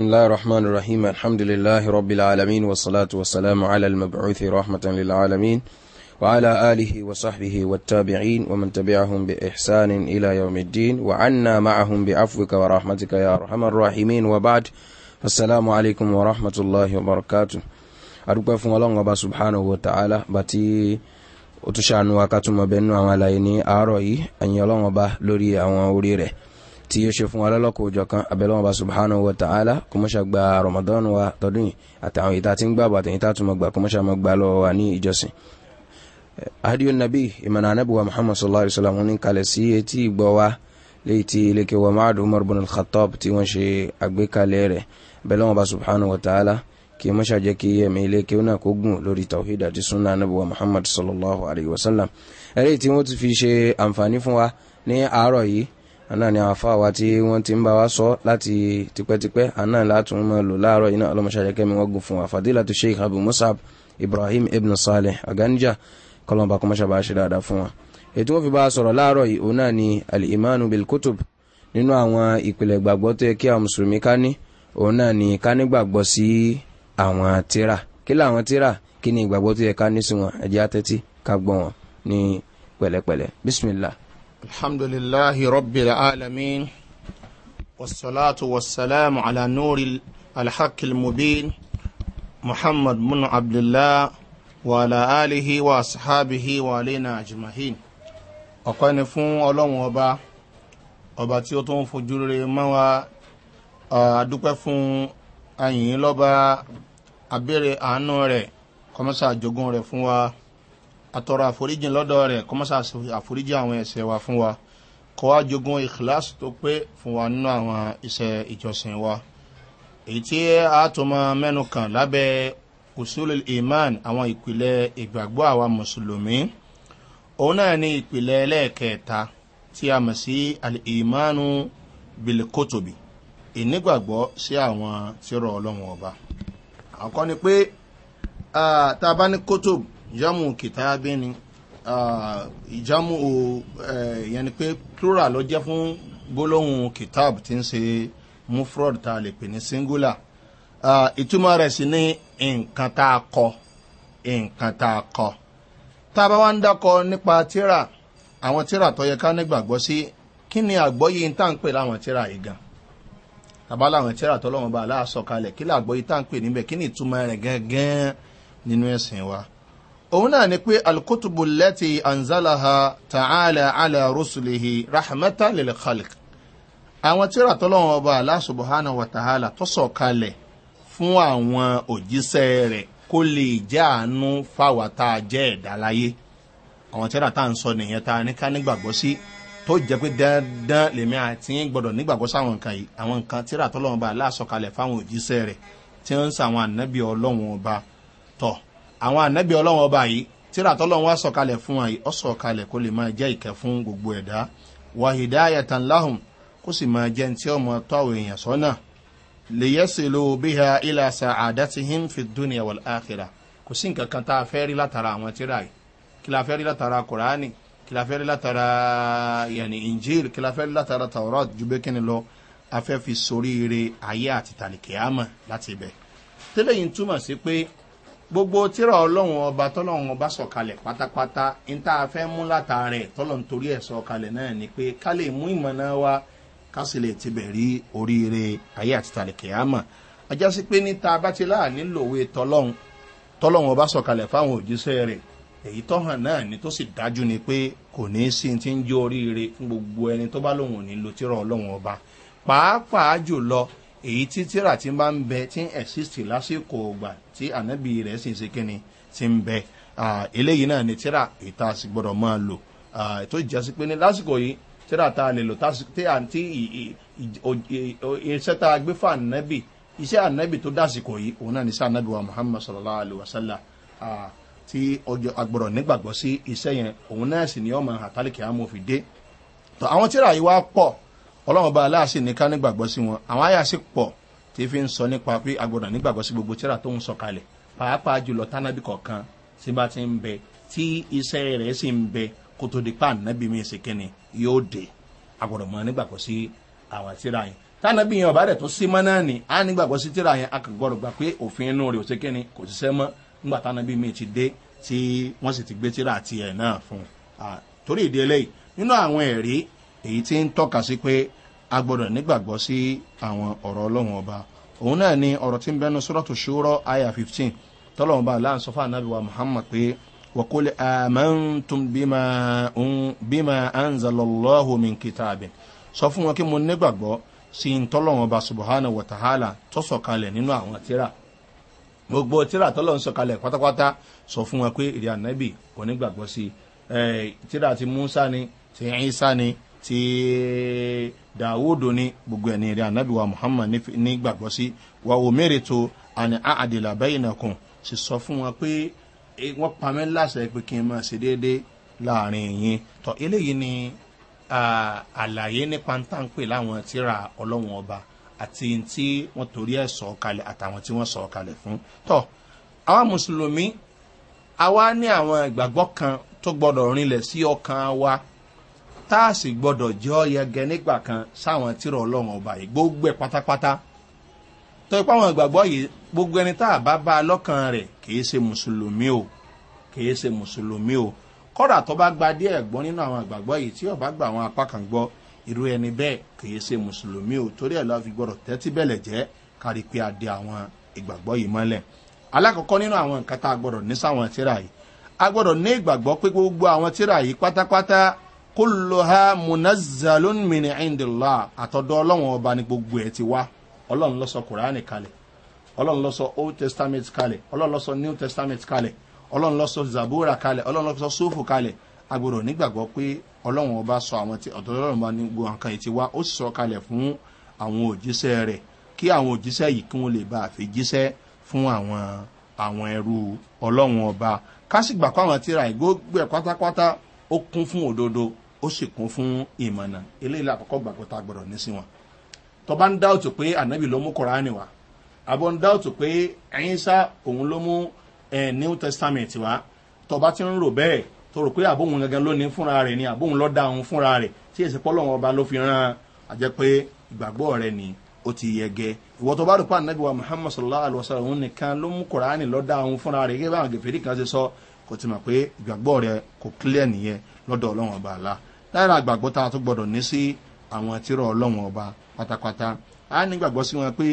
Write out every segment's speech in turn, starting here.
بسم الله الرحمن الرحيم الحمد لله رب العالمين والصلاة والسلام على المبعوث رحمة للعالمين وعلى آله وصحبه والتابعين ومن تبعهم بإحسان إلى يوم الدين وعنا معهم بعفوك ورحمتك يا أرحم الراحمين وبعد السلام عليكم ورحمة الله وبركاته أدوك فون الله سبحانه وتعالى باتي وتشانوا كاتم بيننا على إني أروي أن يلون با لوري أو أوري tí ó ṣe fún wa lọ́lọ́kọ̀ òjò kan abẹ́lọ́wọ́n bá subhanahu wa ta'ala kò mọ́ ṣàgbà ramadan wa tọdún yìí àtàwọn ìta tí ń gbà àtàwọn ìta tó mọ̀ gbà kò mọ́ ṣàmọ̀ gbà lọ́wọ́ wa ní ìjọsìn. ahadiyo nabi imana anabiwa muhammad sallallahu alayhi wa sallam ní kalẹ̀ sí etí ìgbọ́ wa léyìí tí ilékè wa maadu umar bin al-khattab tí wọ́n ṣe àgbékalẹ̀ rẹ̀ abẹ́lọ́wọ́n bá subhanahu wa ta'ala kì í ṣàjẹ́ kí ẹ̀mí ilékè náà kó gùn lórí tawhid àti sunnah anabiwa muhammad sallallahu alayhi wa ẹ̀rẹ́ tí wọ́n ti fi ṣe àǹfààní fún wa ní àárọ̀ yìí àná ni àwọn afáwa tí wọ́n ti ń bá wa sọ láti tipẹ́tipẹ́ àná látún mọ́ lò láàárọ̀ iná ọlọ́mọṣàjẹ́kẹ́mi wọ́n gùn fún wa fàdílà tó sheikh abu musab ibrahim ibn saleh aganja kọlọ́mbà kọmọṣà bá ṣe dáadáa fún wa ètò wọ́n fi bá sọ̀rọ̀ láàárọ̀ yìí òun náà ni alìmánu bilkutub nínú àwọn ìpìlẹ̀ gbàgbọ́ tó yẹ kí àwọn mùsùlùmí ká ní òun náà ni ká ní gbàgbọ́ sí àwọn tíra kí làwọn tíra kí ni ìgbàgbọ́ tó yẹ ká ní sí wọn ẹ̀jẹ̀ àtẹ́tí ká gbọ́ wọn ní pẹ̀lẹ́pẹ̀lẹ́ bisimilah. الحمد لله رب العالمين والصلاة والسلام على نور الحق المبين محمد بن عبد الله وعلى آله وأصحابه وعلينا أجمعين ọ̀pẹ́ni fún ọlọ́run ọba ọba tí ó tó ń fojú rere mọ́ wa àdúpẹ́ fún ayìn lọ́ba àtọ̀rọ̀ àforíjì lọ́dọ̀ rẹ̀ kọ́mọ́sá àforíjì àwọn ẹ̀sẹ̀ wa fún wa kọ́ wá jogun ìkìláàsì tó pé fún wa nínú àwọn iṣẹ́ ìjọsìn wa èyí tí a tó mọ mẹ́nu kàn lábẹ́ usul iman àwọn ìpìlẹ̀ ìgbàgbọ́ àwa mùsùlùmí òun náà ní ìpìlẹ̀ ẹlẹ́ẹ̀kẹta tí a mọ̀ sí alìmánu bilikotobi ìnígbàgbọ́ sí àwọn tí rọ ọlọ́run ọba àkọ́ni pé tá a bá ní kotobi jámù kìtàbí ni ìjámù yẹn ni pé plural ló jẹ́ fún gbólóhùn kitab tí ń ṣe mufrod tá a lè pè ní singular ìtumọ̀ rẹ̀ sì ní nǹkan tá a kọ nǹkan tá a kọ tá a bá wá ń dákọ nípa tíra àwọn tíra tó yẹ ká nígbàgbọ́ sí kí ni àgbọ́yé tá à ń pè láwọn tíra yìí gan tàbá láwọn tíra tó lọ́wọ́n bá aláàsọ kalẹ̀ kí ni àgbọ́yé tá à níbẹ̀ kí ni ìtumọ̀ rẹ̀ gangan nínú ẹ̀sìn wa òun náà ni pé alkutubu lẹ́tì anzalaha ta'ala ala rusulihi rahmata lil khalik àwọn tíra tọ́lọ́wọ́n ọba aláṣubuhana wa ta'ala tó sọ̀kalẹ̀ fún àwọn òjíṣẹ́ rẹ̀ kó lè jẹ́ àánú fáwa tá a jẹ́ ẹ̀dá láyé àwọn tíra tá à ń sọ nìyẹn tá a ní ká nígbàgbọ́ sí tó jẹ́ pé dandan lèmi àti gbọ́dọ̀ nígbàgbọ́ sáwọn nǹkan yìí àwọn nǹkan tíra tọ́lọ́wọ́n ọba aláṣọkalẹ̀ fáwọn òjíṣẹ́ rẹ̀ tí ń sàwọn ànábì ọlọ́wọ́n ọba tọ̀ àwọn ànábì ọlọ́wọ́n ọba yìí tíra tọ́lọ́wọ́n wá sọ̀kalẹ̀ fún wa yìí ọ sọ̀kalẹ̀ kó lè máa jẹ́ ìkẹ́ fún gbogbo ẹ̀dá wàhídá ayatan láhùn kó sì máa jẹ́ tí ọmọ tó àwọn èèyàn sọ́nà lè yẹ́sẹ̀ lo bíha ilà sa àdá ti him fi dúnìyà wà láàkìrà kò sí nǹkan kan tá a fẹ́ rí látara àwọn tíra yìí kí la fẹ́ rí látara kùránì kí la fẹ́ rí látara yẹnì injil kí la fẹ́ rí látara taurat ju bẹ́ẹ̀ lọ afẹ́ fi soríire ayé àti tàlìkìámà láti ibẹ̀ tẹ́lẹ̀ yìí túmọ̀ sí pé gbogbo tíra ọlọ́run ọba tọ́lọ́run ọba sọ̀kalẹ̀ pátápátá níta fẹ́ mú látàrẹ̀ tọ́lọ́run torí ẹ̀ sọ̀kalẹ̀ náà ni pé ká lè mú ìmọ̀ náà wá ká sì lè tibẹ̀ rí oríire ayé àti tàlẹ̀kẹ̀ àmọ̀ ajá sí pé níta bá ti láà nílò òwe tọ́lọ́run tọ́lọ́run ọba sọ̀kalẹ̀ fáwọn òjíṣẹ́ rẹ̀ èyí tọ́hàn náà ni tó sì dájú ni pé kò ní sí ti ń jẹ́ oríire fún gbogbo ẹni tó bá lòun ò ní lo tíra ọlọ́run ọba pàápàá jùlọ èyí tí tíra ti máa ń bẹ tí ń exist lásìkò ọgbà tí ànábì rẹ̀ sì ń ṣe kíni ti ń bẹ eléyìí náà ni tíra ìta sì gbọdọ̀ máa lò tó jẹ́ sí pé ní lásìkò yìí tíra ta lè lò tí àǹtí iṣẹ́ tá a gbé fún ànábì iṣẹ́ ànábì tó dásìkò yìí òun náà ní sí ànábì wa muhammad sallallahu alayhi wa sallam tí ọjọ́ agbọ̀rọ̀ nígbàgbọ́ sí iṣẹ́ yẹn òun náà sì ni ọmọ àtàlẹ́kẹ̀ àmọ́ fi dé àwọn tíra yìí wá pọ̀ ọlọ́run bá aláàṣì ní ká nígbàgbọ́ sí wọn àwọn àyà sì pọ̀ tí fi ń sọ nípa pé agbọ̀dọ̀ nígbàgbọ́ sí gbogbo tíra tó ń sọ kalẹ̀ pàápàá jùlọ tánábì kọ̀ọ̀kan tí bá ti ń bẹ tí iṣẹ́ rẹ̀ sì ń bẹ kó tó di pa ànábì mi sì kíni yóò dé agbọ̀dọ̀ mọ nígbàgbọ́ sí àwọn tíra yẹn tánábì yẹn ọ̀bá rẹ̀ tó sí mọ́ ni á nígbàgbọ́ sí tíra yẹn akọ̀gbọ̀rọ̀ gbà pé òfin inú rẹ̀ ò sí kíni kò ṣiṣẹ́ mọ́ nígbà tánábì mi ti dé tí wọ́n sì ti gbé tíra tiẹ̀ náà fún un torí ìdí eléyìí nínú àwọn ẹ̀rí èyí tí ń tọ́ka sí pé a gbọ́dọ̀ nígbàgbọ́ sí àwọn ọ̀rọ̀ ọlọ́run ọba òun náà ni ọ̀rọ̀ tí ń bẹnu sọ́dọ̀tò ṣòro aya fifteen tọ́lọ́run bá aláǹ sọ́fà nàbí wa muhammad pé wàkúlẹ̀ àmọ́ntún bímọ anzalọ́lọ́hùn mi sọ fún wọn kí mo nígbàgbọ́ sí tọ́lọ́run ọba subahana wàtàhálà tó sọ̀kalẹ̀ nínú àwọn tíra gbogbo tíra tọ́lọ́run sọ fún wọn pé ìrìn ànábì kò nígbàgbọ́ sí tíra ti musa ni ti ti dawudu ní gbogbo ẹni rẹ anabi wa muhammad ni gbàgbọ́ sí wa omere to àni àdìlà bẹ́yìn náà kùn sì sọ fún wọn pé wọ́n pa mí láṣẹ pé kí n máa ṣe déédéé láàrin yín tọ́ eléyìí ni àlàyé nípa ń tàǹpẹ̀ láwọn tíra ọlọ́wọ́n ọba àti tí wọ́n torí ẹ̀ sọ̀ kalẹ̀ àtàwọn tí wọ́n sọ̀ kalẹ̀ fún tọ́ àwọn mùsùlùmí àwa ní àwọn ìgbàgbọ́ kan tó gbọ́dọ̀ rinlẹ̀ sí ọkàn wa tá a sì gbọdọ̀ jọ yẹgẹ nígbà kan sáwọn tírọ ọlọ́run ọba yìí gbogbo ẹ̀ pátápátá tó ipá àwọn ìgbàgbọ́ yìí gbogbo ẹni tá a bá bá a lọ́kàn rẹ̀ kìí ṣe mùsùlùmí o kìí ṣe mùsùlùmí o kọ́dà tó bá gba díẹ̀ gbọ́ nínú àwọn ìgbàgbọ́ yìí tí ọba gba àwọn apá kan gbọ́ irú ẹni bẹ́ẹ̀ kìí ṣe mùsùlùmí o torí ẹ̀ lọ́ọ́ fi gbọ́dọ̀ tẹ́tí bẹ̀lẹ̀ jẹ́ kárí pé a di àwọn ìgbàgbọ́ yìí mọ́lẹ̀ alákọ̀ọ́kọ́ nínú àwọn nǹkan tá a gbọ́dọ̀ ní sáwọn tíra yìí a gbọ́dọ̀ ní ìgbàgbọ́ pé gbogbo àwọn tíra yìí pátápátá kúlùhà munazzalun min indilá àtọ̀dọ̀ ọlọ́run ọba ni gbogbo ẹ̀ ti wá ọlọ́run ló sọ kùránì kalẹ̀ ọlọ́run ló sọ old testament kalẹ̀ ọlọ́run ló sọ new testament kalẹ̀ ọlọ́run ló sọ zabura kalẹ̀ ọlọ́run ló sọ sófù kalẹ̀ agbọ̀dọ̀ nígbàgbọ́ pé ọlọ́run ọba sọ àwọn tí ọ̀dọ̀ ọlọ́run ọba ni gbogbo nǹkan ẹ̀ ti wá ó sì sọ kalẹ̀ fún àwọn òjíṣẹ́ rẹ̀ kí àwọn òjíṣẹ́ yìí kí wọ́n lè bá àfi fún àwọn àwọn ẹrú ọlọ́run ọba kásìgbà kó àwọn tíra ìgbó gbẹ pátápátá ó kún fún òdodo ó sì kún fún ìmọ̀nà eléyìí làkọ́kọ́ gbàgbọ́ tá a gbọ́dọ̀ ní sí wọn tó bá ń dáòtù pé ànábì ló mú kọ́ránì wá àbọ̀ ń dáòtù pé ẹ̀yìnsá òun ló mú new testament wá tó ti ń rò bẹ́ẹ̀ tó rò pé àbóhun gangan ló ní fúnra rẹ̀ ni àbóhun lọ́ da òun fúnra rẹ̀ tí èsì pọ́lọ́wọ́n ọba ló fi rán àjẹ́ pé ìgbàgbọ́ rẹ̀ ni ó ti yẹgẹ ìwọ tó rò pé ànábì wa muhammad sallallahu alayhi wa sallam òun nìkan ló mú kọ́ránì lọ́ da òun fúnra rẹ̀ gẹ́gẹ́ bá àwọn gẹ̀fẹ́rí kan ṣe sọ kò ti mọ̀ pé ìgbàgbọ́ rẹ̀ kò clear nìyẹn lọ́dọ̀ ọlọ́run ọba àlá lára àgbàgbọ́ tá a tún gbọ́dọ̀ ní sí àwọn àtirọ̀ ọlọ́wọ̀n ọba pátápátá a nígbàgbọ́ sí wọn pé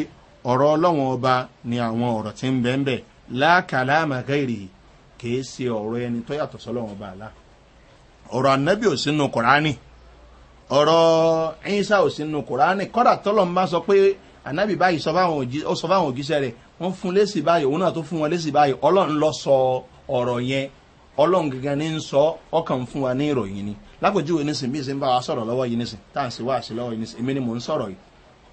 ọ̀rọ̀ ọlọ́wọ̀n ọba ni àwọn ọ̀rọ̀ tí ń bẹ́ ń bẹ̀ láàkàlà àmàgẹ́rì kìí ṣe ọ̀rọ̀ ẹni tó yàtọ̀ sọ́lọ́wọ̀n ọba àlá ọ̀rọ̀ ànábì ò sínú kùránì ọ̀rọ̀ ẹ̀yìnsá ò sínú kùránì kọ́dà tọ́lọ́m bá sọ pé ànábì báyìí ó sọ fáwọn òjíṣẹ́ rẹ̀ wọ́n fún lésì báyìí òun náà tó fún wọn lésì báyìí ọlọ́run lọ sọ ọ̀rọ̀ yẹn ọlọ́run gẹ́gẹ́ ní ń sọ ọkàn fún wa ní ìròyìn ni lápèjúwe nísìn bí ìsìn bá wa sọ̀rọ̀ lọ́wọ́ yìí nísìn tá à ń ṣe wáàṣì lọ́wọ́ yìí nísìn èmi ni mò ń sọ̀rọ̀ yìí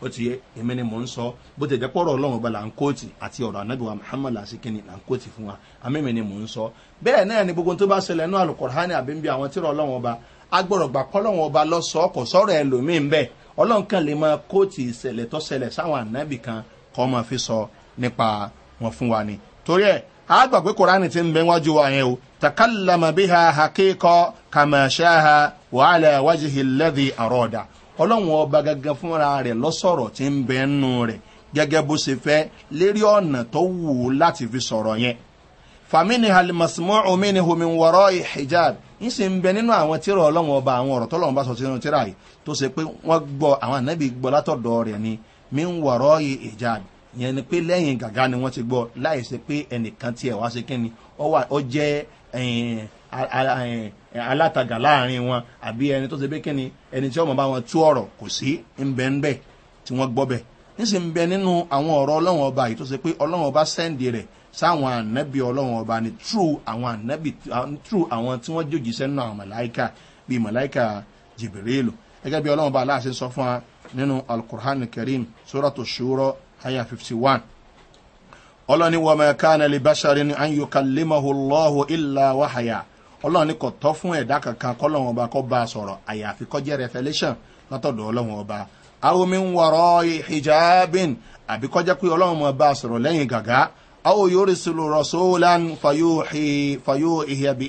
ó ti yé èmi ni mò ń sọ bó ti jẹ́ pọ̀rọ̀ ọlọ́run ọba là ń kóòtì àti ọ̀rọ̀ anábìwá muhammed làṣíkìnì là ń kóòtì fún wa àmẹ́mi ni mò ń sọ bẹ́ẹ̀ náà ni gbogbo tó bá ṣẹlẹ̀ nú alukọ̀rọ̀hánì àbí ń bí àwọn tírọ̀ ọlọ́run ọba agbọ̀rọ̀ a gbà pé kòránì ti ń bẹ wájú wa yẹn o takallama biha hakiko kamashaha wàhálà wájihì lẹ́dí àrọ́dà ọlọ́run ọba gangan fúnra rẹ̀ lọ́sọ̀rọ̀ ti ń bẹ nù rẹ̀ gẹ́gẹ́ bó ṣe fẹ́ lérí ọ̀nà tó wù ú láti fi sọ̀rọ̀ yẹn famini halimasimu omini homi wọrọ hijab n sì ń bẹ nínú àwọn tíra ọlọ́run ọba àwọn ọ̀rọ̀ tọ́lọ́run bá sọ sínú tíra yìí tó ṣe pé wọ́n gbọ́ àwọn ànábì gbọ́ látọ̀dọ̀ rẹ̀ ni mi wọ̀rọ̀ hijab yẹn ni pé lẹ́yìn gàgá ni wọ́n ti gbọ́ láì ṣe pé ẹnìkan tiẹ̀ wá ṣe kínni ọ jẹ́ alátaga láàrin wọn àbí ẹni tó ṣe pé kínni ẹni tí ọmọ bá wọn tú ọ̀rọ̀ kò sí ńbẹ́ńbẹ́ tí wọ́n gbọ́ bẹ́ẹ̀ níṣẹ́ ń bẹ nínú àwọn ọ̀rọ̀ ọlọ́run ọba yìí tó ṣe pé ọlọ́run ọba sẹ́ǹdì rẹ̀ sáwọn ànábì ọlọ́run ọba ni true àwọn ànábì true àwọn tí wọ́n jòjì sẹ́nu àwọn mọ̀láìkà bíi mọ̀láìkà jìbìrìlù gẹ́gẹ́ bí ọlọ́run ọba aláàṣẹ sọ fún wa nínú alukur'an kareem sóràtò ṣòro aya 51. one ọlọ́ni wọ́n máa ká ní libasari ní anyuka limahu lọ́hu ilà wàhàyà ọlọ́ni kò tọ́ fún ẹ̀dá kankan kọ́lọ́wọ́n ọba kọ́ bá a sọ̀rọ̀ àyàfi kọjẹ́ revolution látọ̀dọ̀ ọlọ́wọ́n ọba awomi ń wọ̀rọ̀ hijabin àbí kọjẹ́ pé ọlọ́wọ́n ọba sọ̀rọ̀ lẹ́yìn gàgá awo yorì sùlù rọ̀sọ́lan fayo ìhìyàbí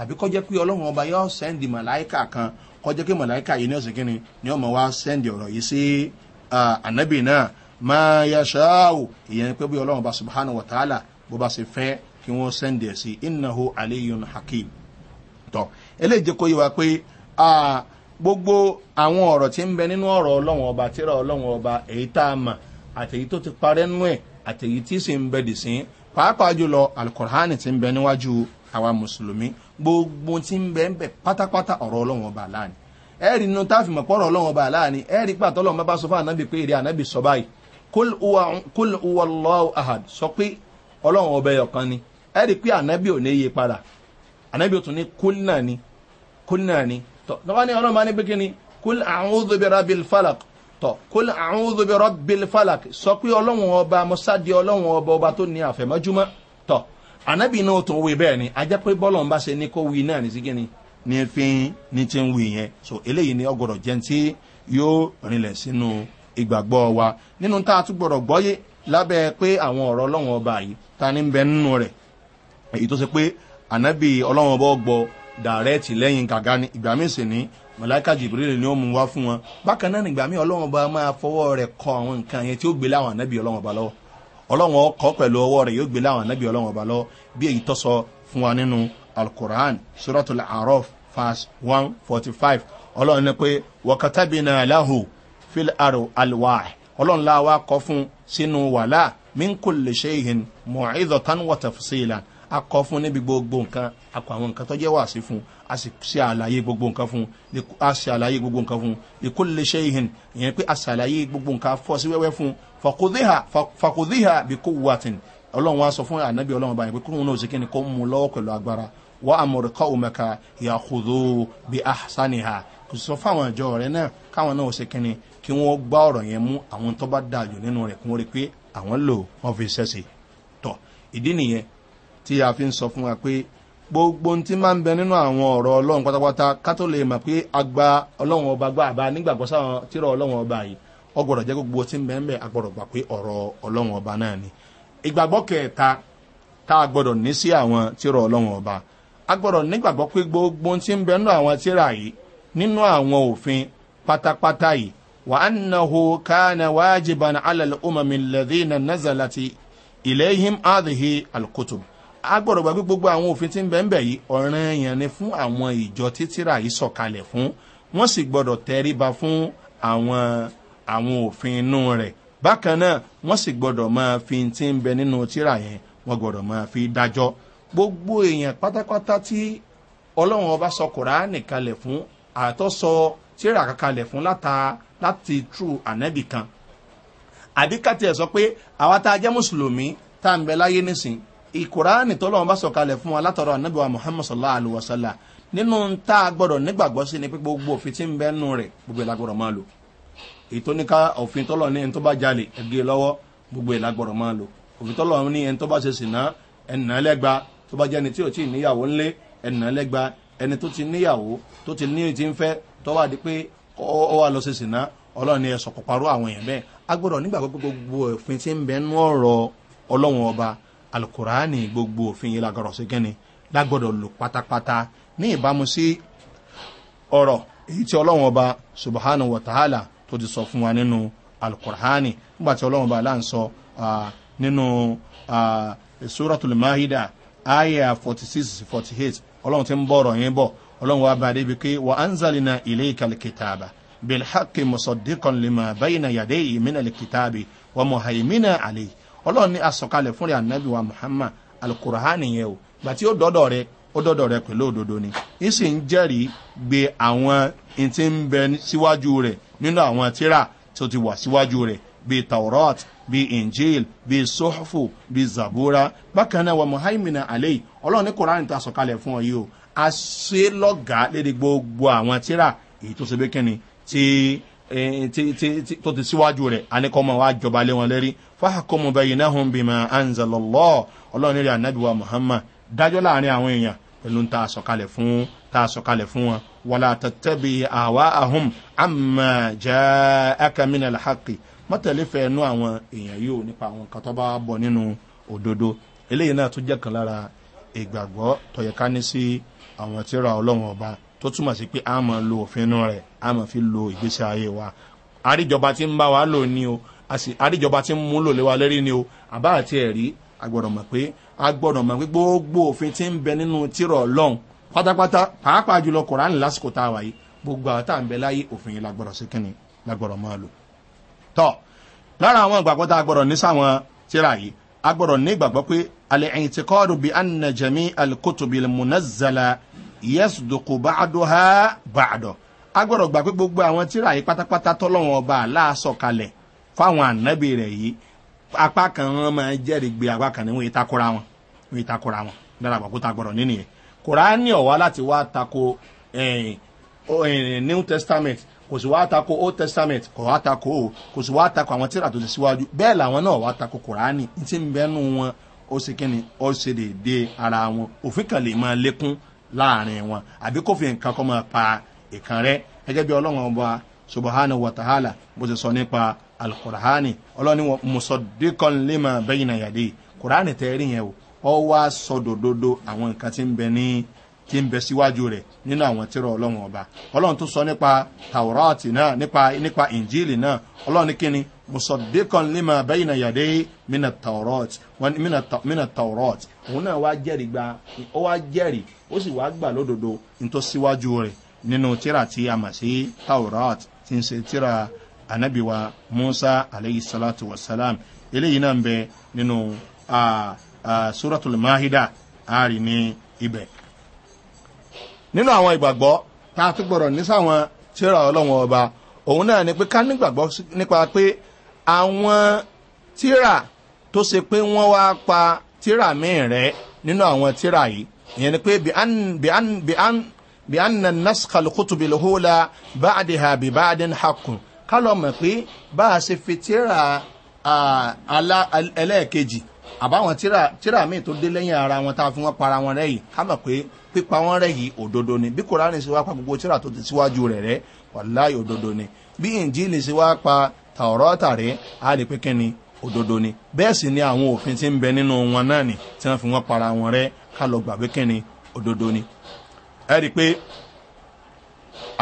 àbí kọjẹ́ máa ya ṣááwò ìyẹn pé bí ọlọ́run bá subhanahu wa ta'ala bó bá ṣe fẹ́ kí wọ́n sẹ́ndẹ̀ sí aliyun hakim tọ́ eléyìí pé gbogbo àwọn ọ̀rọ̀ tí ń bẹ nínú ọ̀rọ̀ ọlọ́run ọba tíra ọlọ́run ọba èyí tá a mọ̀ àtẹ̀yí tó ti parẹ́ nú ẹ̀ àtẹ̀yí tí sì ń bẹ dì ti ń bẹ níwájú àwa mùsùlùmí gbogbo ti bẹ ń bẹ pátápátá ọ̀rọ̀ ọba ẹ̀rí inú táàfin mọ̀pọ̀ ọ̀rọ̀ ọlọ́run ọba ẹ̀rí pàtọ́lọ́mọba kúl uwallahu ahad sọ pé ọlọ́run ọbẹ̀ ọ̀kan ni ẹ rí i pé ànábì ò ní yí padà ànábì ò tún ní kúl náà ni kúl náà ni tọ́ lọ́wọ́ ni ọlọ́run máa ní pé kí ni kúl àwọn òdòbẹ̀rẹ̀ bíi falak tọ́ kúl àwọn òdòbẹ̀rẹ̀ bíi falak sọ pé ọlọ́run ọba mọ́sádìí ọlọ́run ọba ọba tó ní àfẹ̀mọ́júmọ́ tọ́ ànábì náà tó wí bẹ́ẹ̀ ni ajẹ́ pé bọ́lọ̀ bá ṣe ní kó wí náà ní sí kí ní fi ní ti ń wí yẹn so eléyìí ni ọgọ̀rọ̀ jẹ́ ti yóò rinlẹ̀ sínú ìgbàgbọ́ wa nínú tá a tún gbọ́dọ̀ gbọ́yé lábẹ́ pé àwọn ọ̀rọ̀ ọlọ́run ọba yìí ta ní bẹ nínú rẹ̀ èyí tó ṣe pé ànábì ọlọ́run ọba ọgbọ dàrẹ́ẹ̀tì lẹ́yìn gàgá ni ìgbà míì sì ní mọ̀láìka jibril ni ó mú wá fún wọn bákan náà nígbà míì ọlọ́run ọba máa fọwọ́ rẹ̀ kọ àwọn nǹkan yẹn tí ó gbé láwọn ànábì ọlọ́run ọba lọ́wọ́ ọlọ́run ọkọ̀ pẹ̀lú ọwọ́ rẹ̀ yóò gbé láwọn ànábì ọlọ́run ọba lọ́wọ́ bí èyí tó sọ fún wa nínú alukur'an suratul araf verse one forty five ọlọ́run ní pé wọ́kàtàbí náà láhùn fil aro alwaahi ọlọ́run la wa kọ fún sínú wàhálà minkul lè ṣe ìhìn mọ̀ọ́ìdọ̀ tán wọ̀tẹ̀ fúsílà a kọ fún níbi gbogbo nǹkan a kọ àwọn nǹkan tó jẹ́ wàásí fún a sì ṣe àlàyé gbogbo nǹkan fún a ṣe àlàyé gbogbo nǹkan fún ìkúlù lè ṣe ìhìn ìyẹn pé a ṣe àlàyé gbogbo nǹkan fọ́ sí wẹ́wẹ́ fún fàkùdíhà bí kò wù ọlọ́run wa sọ fún ànábì ọlọ́run báyìí pé kí wọn sì kí kó mú lọ́wọ́ pẹ̀lú agbára wà á mọ̀rẹ̀ kọ́ òmẹ̀ka ìyàkùdó kò sọ fáwọn ìjọ rẹ náà káwọn náà sì kí kí wọ́n gbá ọ̀rọ̀ yẹn mú àwọn tó bá dáa jù nínú rẹ̀ kí wọ́n rí pé àwọn lò wọ́n fi ṣẹ̀ṣẹ̀ tọ̀ ìdí nìyẹn tí a fi ń sọ fún wa pé gbogbo ohun tí máa ń bẹ nínú àwọn ọ̀rọ̀ ọlọ́run pátápátá ká lè mọ̀ pé agba ọlọ́run ọba gbá àbá nígbàgbọ́ sáwọn tírọ̀ ọlọ́run ọba yìí ọgbọ̀rọ̀ jẹ́ gbogbo tí ń bẹ ń bẹ agbọ̀rọ̀ gbà pé ọ̀rọ̀ ọlọ́run ọba náà ni ìgbàgbọ́ kẹta tá a gbọ́dọ̀ ní sí àwọn tírọ̀ ọlọ́run ọba agbọ̀rọ̀ nígbàgbọ́ pé gbogbo ohun tí ń bẹ nínú àwọn tírà yìí nínú àwọn òfin pátápátá yìí وأنه كان واجبا على الأمم الذين نزلت إليهم هذه الكتب agbọ́dọ̀ gbàgbé gbogbo àwọn òfin tí ń bẹ̀ ń bẹ̀ yìí ọ̀ràn èèyàn ni fún àwọn ìjọ títíra yìí sọ̀kalẹ̀ fún wọ́n sì gbọ́dọ̀ tẹríba fún àwọn àwọn òfin inú rẹ̀ bákan náà wọ́n sì gbọ́dọ̀ máa fi tí ń bẹ nínú tíra yẹn wọ́n gbọ́dọ̀ máa fi dájọ́ gbogbo èèyàn pátápátá tí ọlọ́run ọba sọ kùránì kalẹ̀ fún àtọ́sọ tíra kankanlẹ̀ fún láta láti tru ànábì kan àbí ká tiẹ̀ sọ pé àwa tá a jẹ́ mùsùlùmí tá à ń bẹ láyé nísìn ìkùránì tó lọ́wọ́ bá sọ̀kalẹ̀ fún wa látọ̀rọ̀ ànábì wa muhammed sallallahu alayhi wa sallam nínú tá a gbọ́dọ̀ nígbàgbọ́ sí ni pé gbogbo òfin tí ń bẹ́ nù rẹ̀ gbogbo ẹ̀ lágbọ́dọ̀ máa lò ètò ní ká òfin tọ́lọ̀ ní ẹni tó bá jalè ẹgẹ e lọ́wọ́ gbogbo ẹ̀ lágbọ́dọ̀ máa lò òfin tọ́lọ̀ ní ẹni tó bá ṣe sìnà ẹnà lẹ́gba tó bá jẹ́ni tí ò tí ì níyàwó ńlé ẹnà lẹ́gba ẹni tó ti níyàwó tó ti ní ti ń fẹ́ tọ́wọ́ àdí pé ọ wà lọ́sẹ̀ sìnà ọlọ́run ni ẹ̀sọ̀ pàpàrọ̀ àwọn èèyàn bẹ́ẹ̀ agbọ́dọ̀ nígbàgbọ́ pé gbogbo òfin ti ń bẹ nú ọ̀rọ̀ ọlọ́run ọba alukuraani gbogbo òfin yìí lagbọ́dọ̀ sí kẹ́ni lagbọ́dọ̀ lò pátápátá ní ìbámu sí ọ̀rọ̀ èyí tí ọlọ́run ọba sọ fún wa nínú alukuraani nígbà tí ọlọ́run ọba aláǹ mahida ayah forty six forty eight ọlọ́run ti ọlọ́run wa bá débi pé wà á ń zàlìna ilé ìkàlùkìtàbà bilhaki musodikan lima bayina yade imina likitabi wa muhaimina ali ọlọ́run ní asọ̀kalẹ̀ fúnra anabi wa muhammad alukurahani yẹn o gbàtí ó dọ́dọ̀ rẹ ó dọ́dọ̀ rẹ pẹ̀lú òdodo ni ń sì ń jẹ́rìí gbé àwọn ntí ń bẹ síwájú rẹ nínú àwọn tíra tó ti wà síwájú rẹ bíi taurat bíi injil bíi sohfu bíi zabura bákan náà wà muhaimina ali ọlọ́run ní kurahani ta sọ̀kalẹ̀ fún ọ yìí o aṣe lọ́gàá léde gbogbo àwọn tíra èyí tó ṣe pé kíni tí tó ti síwájú rẹ̀ anìkọ́mọ̀ wa jọba lé wọn lérí fáhàkọ́mọ̀ bẹ̀yìn náà hùn bímọ anzalọ́lọ́ ọlọ́run rí anábìwá muhammad dájọ́ láàrin àwọn èèyàn pẹ̀lú ta sọ̀kalẹ̀ fún ta sọ̀kalẹ̀ fún wọn wàlá tẹ̀tẹ̀bi àwa ahum àmà jẹ́ akamina lahaki mọ́tẹ̀lẹ́fẹ̀ ẹnu àwọn èèyàn yìí ò nípa àwọn kan tó bá bọ̀ nínú òdodo eléyìí náà tún jẹ́ kan lára ìgbàgbọ́ tọ̀yẹ̀ ká ní sí àwọn tíra ọlọ́run ọba tó túmọ̀ sí pé a mọ̀ lo òfin inú rẹ̀ a mọ̀ fi lo ìgbésí ayé wa àríjọba tí ń bá wa lò ní o àríjọba tí ń mú lò lé wa lérí ni o àbá àti ẹ̀rí agbọ́dọ̀ mọ̀ pé agbọ́dọ̀ mọ̀ pé gbogbo òfin tí ń bẹ nínú tíra ọlọ́run pátápátá pàápàá jùlọ kòránì lásìkò tá a wà gbogbo àwọn tá à ń bẹ láyé òfin yìí lagbọ́dọ̀ sí kínni lagbọ́dọ̀ máa lò tọ́ lára àwọn ìgbàgbọ́ tá ní sáwọn tíra yìí a ní ìgbàgbọ́ pé الاعتقاد بأن جميع الكتب المنزلة يصدق بعضها بعض agbọ́dọ̀ gbà pé gbogbo àwọn tíra yìí pátápátá tọ́lọ́wọ́n ọba aláàsọ̀kalẹ̀ fáwọn ànábì rẹ̀ yìí apá kan wọn máa jẹ́rìí gbé apá kan ní wọn ìtakora wọn wọn ìtakora wọn dára àgbà kó ta gbọ́dọ̀ nínú yẹn kòránì ọ̀wá láti wá tako eh, eh, new testament kò sì wá tako old testament kò wá tako o kò sì wá tako àwọn tíra tó ti síwájú bẹ́ẹ̀ làwọn náà wá tako kòránì ní ti ń bẹ́nu wọn ó ṣe kíni ó ṣe déédéé ara wọn òfin kan lè máa lékún láàrin wọn àbí kò fi nǹkan kọ́ máa pa ìkan rẹ gẹ́gẹ́ bí ọlọ́run ọba subahana watahala bó ṣe sọ nípa alukurahani ọlọ́ni musodikan lima bẹ́yìn àyàdé kurahani tẹ́ rí yẹn o ọ wá sọdọ̀dodo àwọn nǹkan tí ń bẹ ní tí ń bẹ síwájú rẹ̀ nínú àwọn tíra ọlọ́run ọba ọlọ́run tó sọ nípa tàwọ́rọ́ọ̀tì náà nípa nípa ìnjíìlì náà ọlọ́run kíni mùsọ̀dékan lima bẹ́yìn àyàdé mina tàwọ́rọ́ọ̀tì mina tàwọ́rọ́ọ̀tì òun náà wá jẹ́rìí gba ó wá jẹ́rìí ó sì wá gbà lódodo nítò síwájú rẹ̀ nínú tíra tí a mà sí tàwọ́rọ́ọ̀tì tí ń ṣe tíra anabiwa musa aleyhi salatu wa salam eléyìí náà ń bẹ nínú suratul mahida ari ní ibẹ̀ nínú àwọn ìgbàgbọ́ tá a tún gbọ́dọ̀ ní sáwọn tíra ọlọ́wọ́n ọba òun náà ni pé ká nígbàgbọ́ nípa pé àwọn tíra tó ṣe pé wọ́n wá pa tíra míì rẹ̀ nínú àwọn tíra yìí ìyẹn ni pé bí an bí naskal kutubi lóhùlà báàdì ha bí báàdì hakùn ká lọ mọ̀ pé bá a ṣe fi tíra ẹlẹ́ẹ̀kejì àbáwọn tíra míì tó dé lẹ́yìn ara wọn tá a fi wọ́n para wọn rẹ̀ ká mọ̀ pé pípa wọn rẹ̀ yìí òdodo ni bí kòránì ṣe wá pa gbogbo tíra tó ti síwájú rẹ̀ rẹ̀ wàláyé òdodo ni bí ìjìnlẹ̀ ṣe wá pa tàọ̀rọ̀ tàrẹ́ á lè òdodo ni bẹ́ẹ̀ ni àwọn òfin ti ń bẹ nínú wọn náà ni tí fi wọ́n para wọn rẹ́ ká lọ gbà pé ni. ẹ rí i pé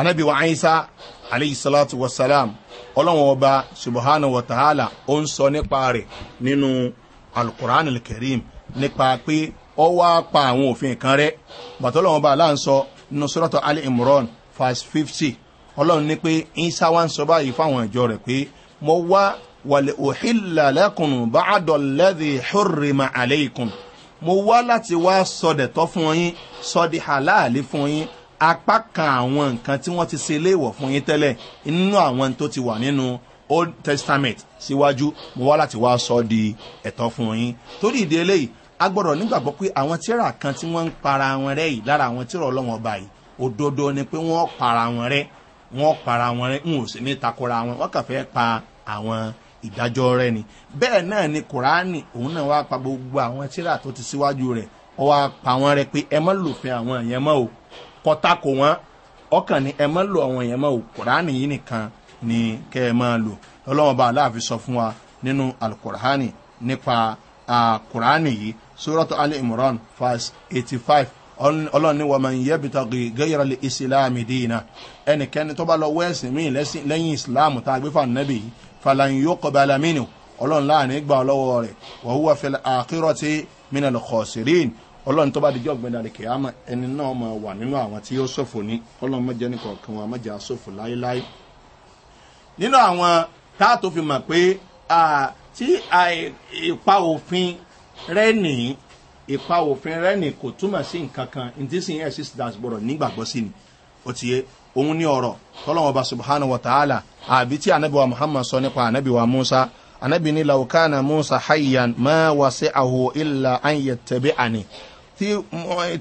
anabiwa aisa aleyhi ọba subahana wa ta'ala ó ń sọ nípa rẹ̀ nínú alukur'an ọ wá pa àwọn òfin kan rẹ bàtọ́lọ́wọ́n bá aláà ń sọ nínú sọ́dọ̀tọ̀ ali imran fas fifty ọlọ́run ní pé isa wa ń sọ báyìí fáwọn ìjọ rẹ̀ pé mo wá wàlẹ̀ òhìlà lẹ́kùnrin bá àdọ̀lẹ́dì húrìmà àlẹ́kùn mo wá láti wá sọdẹ̀ fún yín sọdẹ̀ àláàlí fún yín apá kan àwọn nǹkan tí wọ́n ti se léèwọ̀ fún yín tẹ́lẹ̀ nínú àwọn tó ti wà nínú old testament síwájú mo wá láti wá sọ di ẹ̀tọ́ fún yín torí ìdí eléyìí a gbọ́dọ̀ nígbàgbọ́ pé àwọn tíra kan tí wọ́n ń para wọn rẹ́ yìí lára àwọn tíra ọlọ́wọ́n ọba yìí òdodo ni pé wọ́n para wọn rẹ́ wọ́n para wọn rẹ́ ń ò sí ní takora wọn wọ́n kàn fẹ́ pa àwọn ìdájọ́ rẹ ni bẹ́ẹ̀ náà ni kùránì òun náà wá pa gbogbo àwọn tíra tó ti síwájú rẹ̀ ọ wá pa wọn rẹ pé ẹ mọ́ lòfin àwọn èèyàn mọ́ o kọ́tàkó wọn ọkàn ni ẹ mọ́ lò àwọn èèyàn mọ́ o kùránì yìí nìkan ni kẹ́ ẹ máa lò lọ́lọ́wọ́n bá aláàfin sọ fún wa nínú alukùránì nípa kùránì yìí sóràtọ̀ alẹ́ imran verse eighty five ọlọ́run ní wàmọ̀ yẹ́ bitọ́gì gẹ́yẹ̀rọ lè islam dìínà ẹnikẹ́ni tó bá lọ wẹ́ẹ̀sì míì lẹ́yìn islam tá a gbé fún anabi fàlàyé yóò kọ́ bala mínú ọlọ́run láàrin gbà lọ́wọ́ rẹ̀ wọ́n wúwa fẹ́lẹ́ àkírọ̀ tí lọ kọ́ sírín ọlọ́run tó bá di jọ́ gbẹ̀dà rẹ̀ kìámà ẹni náà máa wà nínú àwọn tí yóò sọ̀fò ní ọlọ́run mọ́jẹ́ ní rẹ́nì ipa òfin rẹ́nì kò túmọ̀ sí nǹkan kan ntí sì ń yẹ six dash gbọ́dọ̀ nígbàgbọ́ sí ni ó ti yé òun ní ọ̀rọ̀ tọ́lọ́wọ́n bá subhanahu wa ta'ala àbí tí anabi wa muhammad sọ nípa anabi wa musa anabi ní laukana musa hayyan ma wa sí ahu illa an yẹ tẹ̀bi àní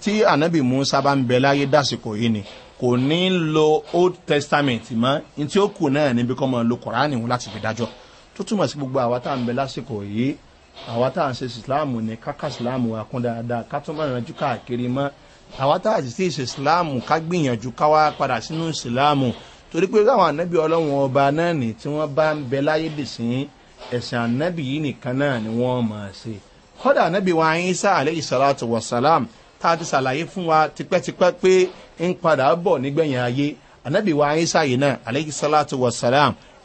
tí anabi musa bá ń bẹ láyé dásìkò yìí ni kò ní lo old testament mọ́ ntí ó kù náà níbi kọ́ mọ́ lo kọ́ránì wọn láti fi dájọ́ tó túmọ̀ sí gbogbo àwa tá à ń bẹ lásìkò yìí àwa tá à ń ṣe ìsìláàmù ni káka ìsìláàmù wa kún dáadáa ká tún bá ìrànjú káàkiri mọ́ àwa tá à sì sí ìsìláàmù ká gbìyànjú ká wá padà sínú ìsìláàmù torí pé káwọn ànábì ọlọ́wọ́n ọba náà nì tí wọ́n bá ń bẹ láyé dì sí ẹ̀sìn ànábì yìí nìkan náà ni wọ́n mọ̀ ṣe kọ́dà ànábì wa ayín sá àlẹ́ ìsàlátù wàsálàm tá a ti ṣàlàyé fún wa tipẹ́tipẹ́ pé ń padà bọ̀ nígbẹ̀yìn ayé ànábì wa ayín sá yìí náà àlẹ́ ìsàlátù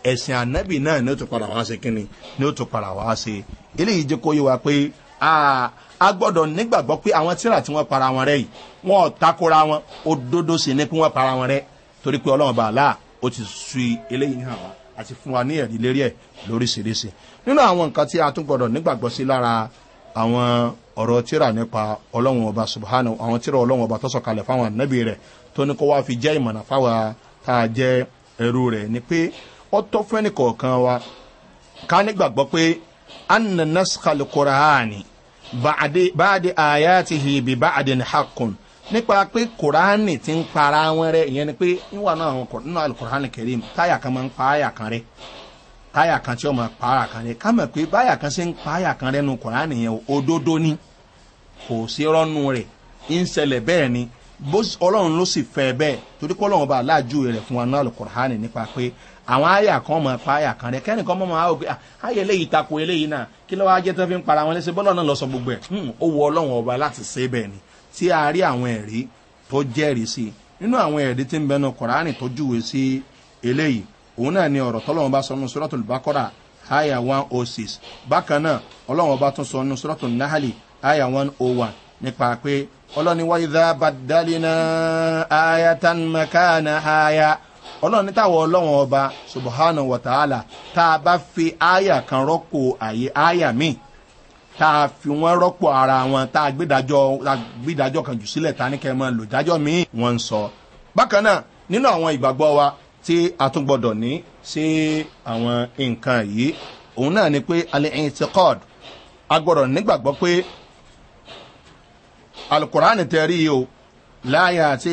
ẹ̀sìn ànábì náà ní ó tún padà wá sí kínní ní ó tún padà wá sí eléyìí jẹ́ kó yé pé a gbọ́dọ̀ nígbàgbọ́ pé àwọn tíra tí wọ́n para wọn rẹ̀ yìí wọn ò takora wọn òdodo sì ní pé wọ́n para wọn rẹ̀ torí pé ọlọ́run bàálà ó ti su eléyìí hàn wá àti fún wa ní ẹ̀rí lérí ẹ̀ lóríṣiríṣi nínú àwọn nǹkan tí a tún gbọ́dọ̀ nígbàgbọ́ sí lára àwọn ọ̀rọ̀ tíra nípa ọlọ́run ọba subhanahu àwọn tíra ọlọ́run ọba tó sọ̀kalẹ̀ fáwọn ànábì rẹ̀ tó ní kó wá fi jẹ́ ìmọ̀nà fáwọn tá a jẹ́ ẹrú rẹ̀ ni pé ọtọ́ fẹ́ni kọ̀ọ̀kan wa ká nígbàgbọ́ pé anna naskal kuraani báàdì àyàtì hìbì báàdì hakun nípa pé kuraani ti ń para wọn rẹ ìyẹn ni pé níwà náà àwọn nínú alukuraani kẹrin kan máa ń pa àyà kan kan tí ó máa pa àyà kan rẹ pé báyà kan ṣe ń pa àyà kan rẹ nu kuraani ni kò sí rẹ̀ ń ṣẹlẹ̀ ni bó ló sì fún wa náà alukuraani nípa pé àwọn àyà kan mọ̀ pa àyà kan rẹ̀ kẹ́rin kan mọ̀ máa wò pé àyà eléyìí tako eléyìí náà kí ló wáá jẹ́ tó fi ń para wọn léṣe bọ́lọ̀ náà lọ sọ gbogbo ẹ̀ hmm, ó wọ ọlọ́run ọba láti ṣe bẹ́ẹ̀ ni tí a rí àwọn ẹ̀rí tó jẹ́rìí sí i nínú àwọn ẹ̀rí tí ń bẹnu kọ̀ránì tó júwe sí eléyìí òun náà ni ọ̀rọ̀ tọ́lọ́wọ́n bá sọ nínú sọ́rọ́tò bákọ́rà àyà one oh six bákan náà ọlọ́wọ́n ọba tún sọ nínú sọ́rọ́tò nahali àyà one oh one nípa pé ọlọ́ni wáyé dábàdálínà àyà tánmẹ́kánà àyà ọlọ́run ní táwọn ọlọ́run ọba subahana wàtàhálà tá a bá fi àyà kan rọ́pò àyè àyà míì tá a fi wọ́n rọ́pò ara wọn tá a gbẹ́dájọ́ kan jù sílẹ̀ ta ní kẹ́ mọ́ lò dájọ́ míì wọ́n ń sọ. bákan náà nínú àwọn ìgbàgbọ́ wa tí a tún gbọ́dọ̀ ní sí àwọn nǹkan yìí òun náà ni pé alẹ́ ẹ̀yìn ti kọ́ọ̀dù a gbọ́dọ̀ nígbàgbọ́ pé alukóraani tẹ̀rí o láyà àti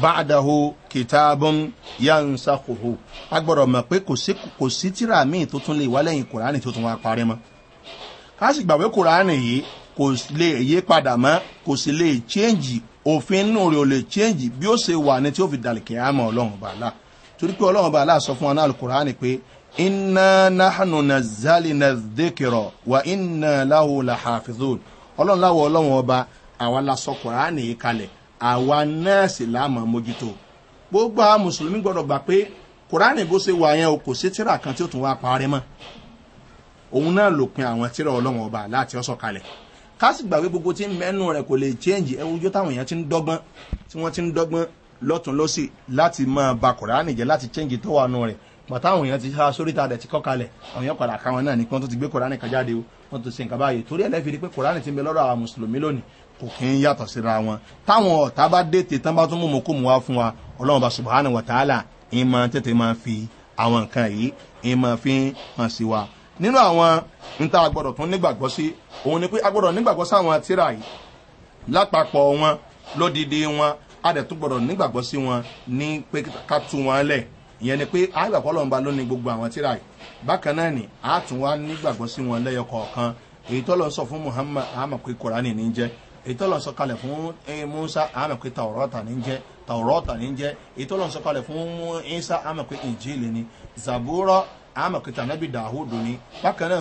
báàdáhù kìtàbùn yansakuhu a gbọ́dọ̀ mọ̀ pé kò sí tíra míì tó tún lè wá lẹ́yìn kùránì tó tún wá parí mọ́ a sì gbàgbé kùránì yìí kò lè yé padà mọ́ kò sì lè chéǹjì òfin nù rẹ̀ ò lè chéǹjì bí ó ṣe wà ní tí ó fi dàlìkì àmọ́ ọlọ́run bàálà torí pé ọlọ́run bàálà sọ fún wa náà kùránì pé iná náhànú na zali na dékìrọ̀ wà iná láwo làhàfíìsùn ọlọ́run láwo ọlọ́run ọba àwa la sọ kùránì yìí kalẹ̀ àwa nọ́ọ̀sì láàmú mójútó gbogbo àwọn mùsùlùmí gbọ́dọ̀ gbà pé kùránì bó ṣe wà yẹn o kò sí tíra kan tí ó tún wá parí mọ́ òun náà lòpin àwọn tíra ọlọ́run ọba láti ọ̀sọ̀ kalẹ̀ kásì gbàgbé gbogbo tí mẹ́nu rẹ̀ kò lè change ẹwùjọ́ táwọn èèyàn ti ń dọ́gbọ́n tí wọ́n ti ń dọ́gbọ́n lọ́tún lọ́sì láti máa ba kùránì jẹ́ láti change tó wà nù rẹ̀ pàtà àwọn èèyàn ti ha sórí ta dẹ̀ ti kọ́ kalẹ̀ àwọn èèyàn padà káwọn náà ní pé wọ́n tún ti gbé kùránì kan jáde wọ́n tún ṣe nǹkan báyìí torí ẹ̀lẹ́fi pé kùránì ti ń bẹ lọ́dọ̀ àwọn mùsùlùmí lónìí kò kí ń yàtọ̀ síra wọn táwọn ọ̀tá bá dètè tán bá tún mú mu wá fún wa ọlọ́run bá subahana wa ta'ala ìyẹn máa tètè máa fi àwọn nǹkan yìí ìyẹn máa fi hàn sí wa nínú àwọn níta agbọ́dọ̀ tún nígbàgbọ́ sí òun ni pé agbọ́dọ̀ nígbàgbọ́ lápapọ̀ wọn wọn a dẹ̀ tún gbọ́dọ̀ nígbàgbọ́ sí wọn ní pé ká wọn lẹ̀ ìyẹn ni pé àgbàpọ̀ ọlọ́run a tún wá nígbàgbọ́ sí wọn ètò ọlọ́run sọkalẹ̀ fún eh, musa àmọ̀ pé tàwọ̀rọ̀tà ní jẹ́ tàwọ̀rọ̀tà ní jẹ́ ètò ọlọ́run sọkalẹ̀ fún isa àmọ̀ pé ìjìnlẹ̀ ni zaburọ̀ àmọ̀ pé tànàbí dàhùdù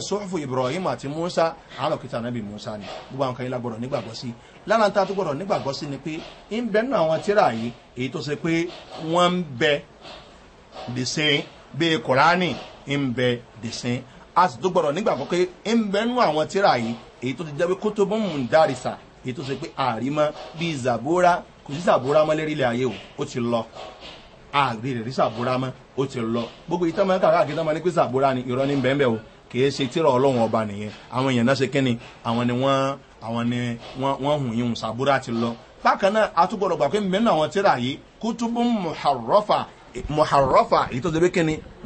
sọ́fù ibrahim àti musa àmọ̀ pé musa ni gbogbo àwọn kan yìí la gbọ́dọ̀ nígbàgbọ́ sí lára ta tó gbọ́dọ̀ nígbàgbọ́ sí ni pé ń bẹ nínú àwọn tíra yìí èyí tó ṣe pé wọ́n ń bẹ dèsè bíi kùránì ń bẹ dèsè a sì tó èyí tó ṣe pé àrímọ́ bíi zàbúrà kò sí zàbúrà mọ́ lérí ilẹ̀ ayé o ó ti lọ àgbè rẹ̀ rí zàbúrà mọ́ ó ti lọ gbogbo ìtàn máa ń kàkà kí tán ní pé zàbúrà ni ìrọ́ ní bẹ́ẹ̀ bẹ́ẹ̀ o kìí ṣe tíra ọlọ́run ọba nìyẹn àwọn èèyàn náà ṣe kínni àwọn ni wọ́n àwọn ni wọ́n hùn yín ṣàbúrà ti lọ. bákan náà a tún gbọdọ̀ gbà pé mẹ́rin àwọn tíra yìí kútùbù muharrafa muharrafa èyí tó ṣe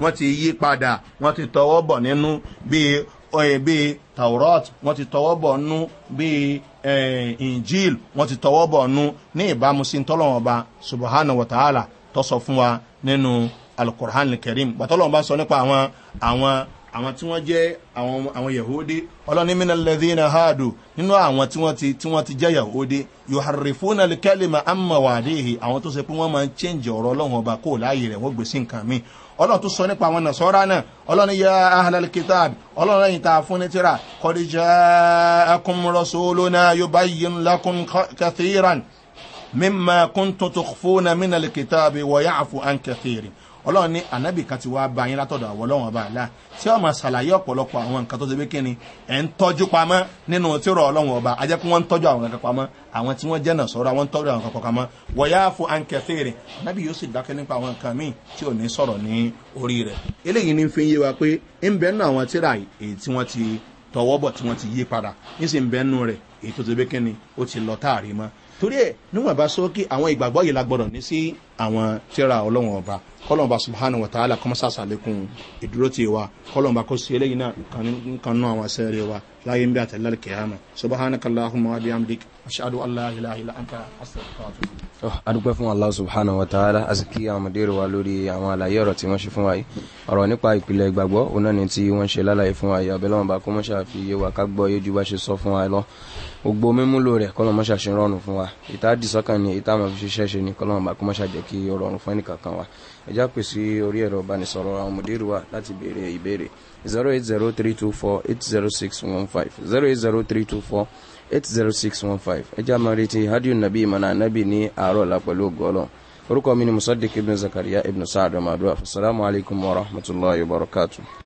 wọ́n ti yí padà wọ́n ti tọwọ́ bọ̀ nínú bíi ọ̀yẹ̀ bíi taurat wọ́n ti tọwọ́ bọ̀ nú bíi injil wọ́n ti tọwọ́ bọ̀ nú ní ìbámu sí tọ́lọ́wọ́n ọba subahana wataala tọ́sọ fún wa nínú alukur'an kẹrim gbàtọ́lọ́wọ́n bá sọ nípa àwọn àwọn àwọn tí wọ́n jẹ́ àwọn yahudi ọlọ́ni mina lẹ́dínà haadu nínú àwọn tí wọ́n ti tí wọ́n ti jẹ́ yahudi yoharifuna kẹ́lìmà amma wàdíhì àwọn tó ṣe pé wọ́n máa ń chẹ́ǹjì ọ̀rọ̀ ọlọ́run ọba kó láàyè rẹ̀ wọ́n gbèsè nǹkan mi ọlọ́run tó sọ nípa àwọn nàṣọ́ra náà ọlọ́run yẹ ahlal kitab ọlọ́run lẹ́yìn tá a fún ní tíra kọ́díjà akumrọ́sọ́lọ́nà yorùbá ọlọ́run ní ànábì kan ti wá ba yín látọ̀dọ̀ àwọn ọlọ́run ọba àlá tí ọmọ ṣàlàyé ọ̀pọ̀lọpọ̀ àwọn nǹkan tó ṣe pé kíni ẹ̀ ń tọ́jú pamọ́ nínú tí rọ ọlọ́run ọba ajẹ́ pé wọ́n ń tọ́jú àwọn kankan pamọ́ àwọn tí wọ́n jẹ́nà sọ̀rọ̀ àwọn tọ́jú àwọn kankan pamọ́ wọ̀yá fún ankẹ́fẹ́ rẹ̀ ànábì yóò sì dákẹ́ nípa àwọn nǹkan míì tí ò ní sọ̀rọ̀ ní orí rẹ̀. eléyìí ní fi ń yé wa pé ń bẹ́ẹ̀ nù àwọn tíra èyí tí wọ́n ti tọwọ́ bọ̀ tí wọ́n ti yí padà níṣẹ́ ń bẹ́ẹ̀ nù rẹ̀ èyí tó ti bẹ́ kẹ́ni ó ti lọ táàrí mọ́ torí ẹ̀ níwọ̀nba sókè àwọn ìgbàgbọ́ yìí la gbọ́dọ̀ ní sí àwọn tíra ọlọ́run ọba kọlọmba subhanahu wa ta'ala kọmọsá sàlékún ìdúró tí wa kọlọmba kó sí eléyìí náà kan náà àwọn sẹ́rẹ̀ wa láyé ń bí àtẹ̀lẹ́ kìámà subhanahu wa ta'ala wa bihamdik ashadu allah ilaha illa anta astaghfirullah Oh, adúpẹ́ fún allah subhanahu wa ta'ala àsìkí àwọn ọmọdé wa lórí àwọn àlàyé ọ̀rọ̀ tí wọ́n ṣe fún wa yìí ọ̀rọ̀ nípa ìpìlẹ̀ ìgbàgbọ́ òun ní tí wọ́n ṣe lálàyé fún wa yìí abẹ́lẹ́wọ̀n bá kó mọ́ ṣàfi iye wa ká yé ju bá ṣe sọ fún wa lọ gbogbo mímúlò rẹ̀ kọ́lọ̀ mọ́ ṣàṣe rọrùn fún wa ìta dì sọ́kàn ni ìta mọ̀ fi ṣiṣẹ́ ṣe ni kọ́lọ̀ bá kó mọ́ ṣàjẹ́ kí ó rọrùn fún ẹnìkankan wa ẹjá pè sí orí ẹ̀rọ ìbánisọ̀rọ̀ àwọn ọmọdé wa láti béèrè ìbéèrè zero eight zero three two four eight zero six one five zero eight zero three two four eight zero six one five ẹjẹ́ àmọ́ retí hadiyu nabi imana nabi ní àárọ̀ la pẹ̀lú ògọ́lọ́ orúkọ mi ni musaddiq ibn zakariya ibn sa'ad ọmọdúnwà fasalaamu alaykum wa rahmatulahi wa barakatuh.